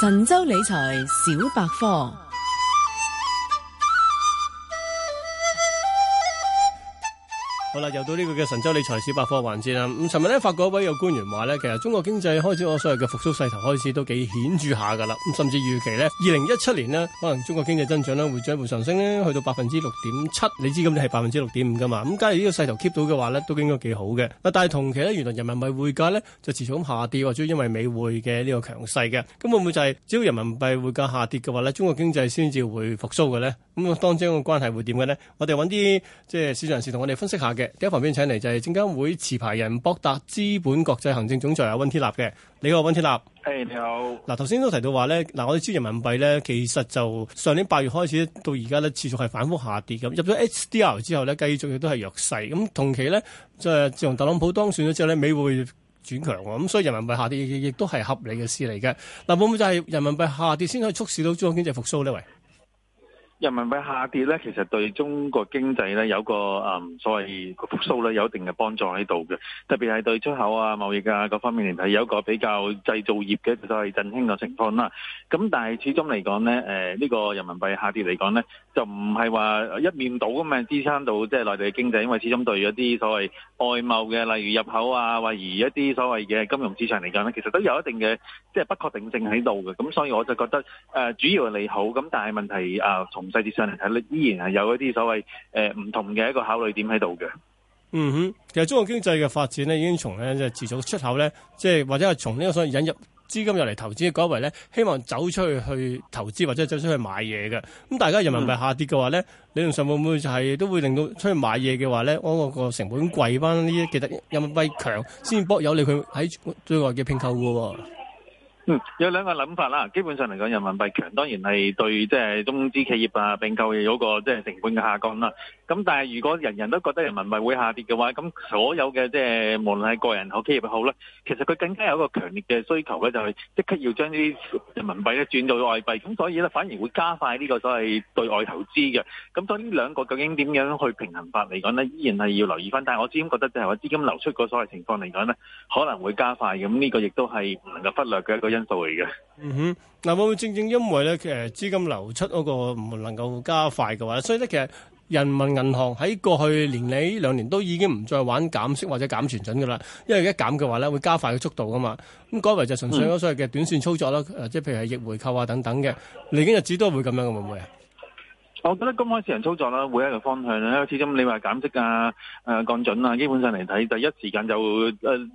神州理財小百科。好啦，又到呢個嘅神州理財小百科環節啦。咁尋日咧，發覺一位有官員話呢，其實中國經濟開始我所謂嘅復蘇勢頭開始都幾顯著下噶啦。咁甚至預期呢，二零一七年呢，可能中國經濟增長咧會將會上升咧，去到百分之六點七。你知咁，今年係百分之六點五噶嘛？咁假如呢個勢頭 keep 到嘅話呢，都應該幾好嘅。但係同期呢，原來人民幣匯價呢就持續咁下跌，或者因為美匯嘅呢個強勢嘅。咁會唔會就係只要人民幣匯價下跌嘅話呢，中國經濟先至會復蘇嘅呢？咁當中個關係會點嘅呢？我哋揾啲即係市場人士同我哋分析下。嘅，一旁邊請嚟就係證監會持牌人博大資本國際行政總裁阿溫天納嘅，你好溫天納，誒、hey, 你好，嗱頭先都提到話咧，嗱我哋知人民幣咧，其實就上年八月開始到而家咧，持續係反覆下跌咁，入咗 H D R 之後咧，繼續亦都係弱勢，咁同期咧，即係自從特朗普當選咗之後咧，美匯轉強，咁所以人民幣下跌亦都係合理嘅事嚟嘅，嗱會唔會就係人民幣下跌先可以促使到中國經濟復甦呢？喂？人民幣下跌咧，其實對中國經濟咧有個誒所謂嘅復甦咧有一定嘅幫助喺度嘅，特別係對出口啊、貿易啊各方面嚟睇，有個比較製造業嘅所謂振興嘅情況啦。咁但係始終嚟講咧，誒呢個人民幣下跌嚟講咧，就唔係話一面倒咁樣支撐到即係內地嘅經濟，因為始終對於一啲所謂外貿嘅，例如入口啊，或者一啲所謂嘅金融市場嚟講咧，其實都有一定嘅即係不確定性喺度嘅。咁所以我就覺得誒主要係利好，咁但係問題誒從細節上嚟睇，咧，依然係有一啲所謂誒唔同嘅一個考慮點喺度嘅。嗯哼，其實中國經濟嘅發展咧，已經從咧即係自從出口咧，即係或者係從呢個所謂引入資金入嚟投資改為咧，希望走出去去投資或者走出去買嘢嘅。咁大家人民幣下跌嘅話咧，嗯、理論上會唔會就係都會令到出去買嘢嘅話咧，我個成本貴翻呢？其實人民幣強先博有利佢喺外嘅拼購喎。嗯、有兩個諗法啦。基本上嚟講，人民幣強當然係對即係、就是、中資企業啊並購有個即係、就是、成本嘅下降啦。咁但係如果人人都覺得人民幣會下跌嘅話，咁所有嘅即係無論係個人好企業好啦，其實佢更加有一個強烈嘅需求咧，就係、是、即刻要將啲人民幣咧轉到外幣。咁所以咧反而會加快呢個所謂對外投資嘅。咁所以呢兩個究竟點樣去平衡法嚟講呢，依然係要留意返。但係我至今覺得就係話資金流出個所謂情況嚟講呢，可能會加快。咁呢個亦都係唔能夠忽略嘅一個因度嚟嘅，嗯哼，嗱，會唔會正正因為咧，其實資金流出嗰個唔能夠加快嘅話，所以咧，其實人民銀行喺過去年嚟呢兩年都已經唔再玩減息或者減存準噶啦，因為一減嘅話咧會加快嘅速度噶嘛，咁改為就純粹嗰所謂嘅短線操作咯，誒，即係譬如係逆回購啊等等嘅，嚟緊日子都係會咁樣嘅，會唔會啊？我覺得公開市場操作啦，會一個方向咧，始終你話減息啊、誒降準啊，基本上嚟睇，第一時間就誒。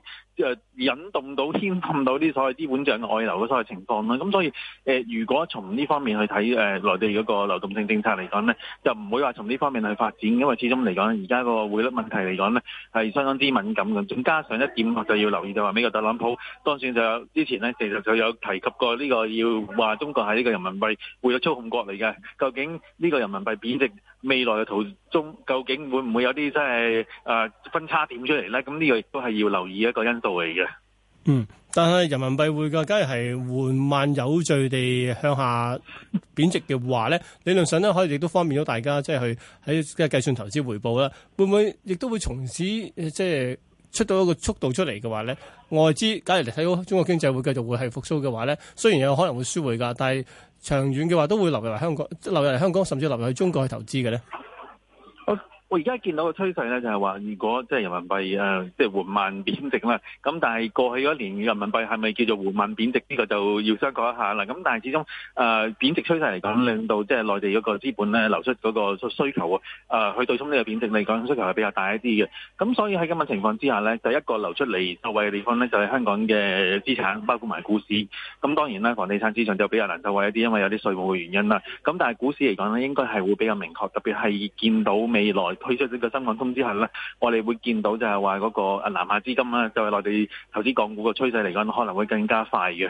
引動到牽動到啲所謂資本帳外流嘅所謂情況啦，咁所以，呃、如果從呢方面去睇誒，呃，內地嗰個流動性政策嚟講咧，就唔會話從呢方面去發展，因為始終嚟講，而家個匯率問題嚟講咧，係相當之敏感嘅。再加上一點，點，我就要留意就話美國特朗普當選就有之前咧，其實就有提及過呢、這個要話中國喺呢個人民幣匯率操控國嚟嘅，究竟呢個人民幣貶值，未來嘅途中，究竟會唔會有啲真係誒分叉點出嚟咧？咁呢個亦都係要留意一個因素嚟嘅。嗯，但係人民幣匯價假如係緩慢有序地向下貶值嘅話咧， 理論上咧可以亦都方便咗大家即係去喺嘅計算投資回報啦。會唔會亦都會從此即係出到一個速度出嚟嘅話咧？外資假如你睇到中國經濟會繼續會係復甦嘅話咧，雖然有可能會輸回㗎，但係。長遠嘅話，都會流入嚟香港，流入嚟香港，甚至流入去中國去投資嘅咧。我而家見到嘅趨勢咧，就係話，如果即係人民幣誒，即係緩慢貶值啦。咁但係過去嗰一年，人民幣係咪叫做緩慢貶值？呢個就要相過一下啦。咁但係始終誒貶值趨勢嚟講，令到即係內地嗰個資本咧流出嗰個需求啊，誒去對沖呢個貶值嚟講，需求係比較大一啲嘅。咁所以喺咁嘅情況之下咧，第一個流出嚟受惠嘅地方咧，就係香港嘅資產，包括埋股市。咁當然啦，房地產資產就比較難受惠一啲，因為有啲稅務嘅原因啦。咁但係股市嚟講咧，應該係會比較明確，特別係見到未來。退出呢個深港通之後咧，我哋會見到就係話嗰個南下資金啦、啊，就係、是、內地投資港股嘅趨勢嚟講，可能會更加快嘅。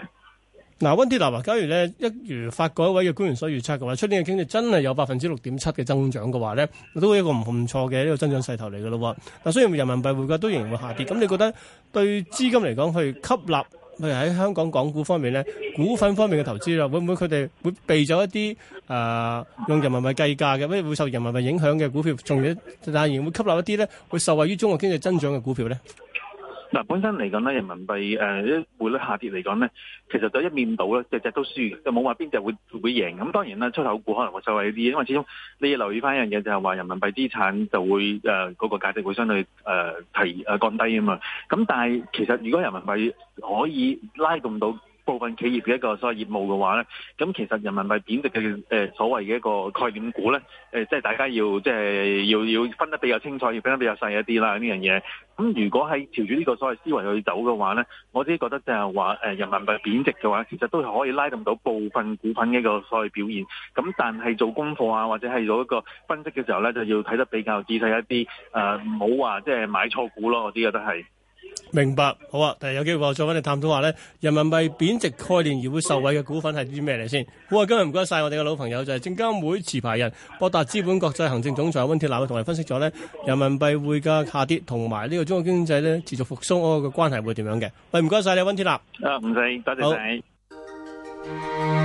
嗱、啊，溫天納啊，假如咧一如發改委嘅官員所預測嘅話，出年嘅經濟真係有百分之六點七嘅增長嘅話咧，都會一個唔唔錯嘅一個增長勢頭嚟㗎咯。嗱，雖然人民幣匯價都仍然會下跌，咁你覺得對資金嚟講去吸納？例如喺香港港股方面咧，股份方面嘅投資咧，會唔會佢哋會避咗一啲誒、呃、用人民幣計價嘅，不如會受人民幣影響嘅股票，仲有但仍會吸納一啲咧會受惠於中國經濟增長嘅股票咧。嗱，本身嚟講咧，人民幣誒匯率下跌嚟講咧，其實就一面倒啦，隻隻都輸，就冇話邊隻會會贏。咁當然啦，出口股可能會受惠呢啲，因為始終你要留意翻一樣嘢，就係話人民幣資產就會誒嗰、呃那個價值會相對誒、呃、提誒降低啊嘛。咁但係其實如果人民幣可以拉動到，部分企業嘅一個所謂業務嘅話咧，咁其實人民幣貶值嘅誒、呃、所謂嘅一個概念股咧，誒、呃、即係大家要即係、就是、要要分得比較清楚，要分得比較細一啲啦呢樣嘢。咁如果係朝住呢個所謂思維去走嘅話咧，我自己覺得就係話誒人民幣貶值嘅話，其實都可以拉動到部分股份嘅一個所謂表現。咁但係做功課啊，或者係做一個分析嘅時候咧，就要睇得比較仔細一啲，唔好話即係買錯股咯。我啲覺得係。明白，好啊！第日有機會我再揾你探討下咧，人民幣貶值概念而會受惠嘅股份係啲咩嚟先？好啊！今日唔該晒我哋嘅老朋友就係證監會持牌人博大資本國際行政總裁溫天納，同我分析咗咧，人民幣匯價下跌同埋呢個中國經濟咧持續復甦嗰個關係會點樣嘅？喂、嗯，唔該晒你，溫天納。啊，唔使，多謝，謝。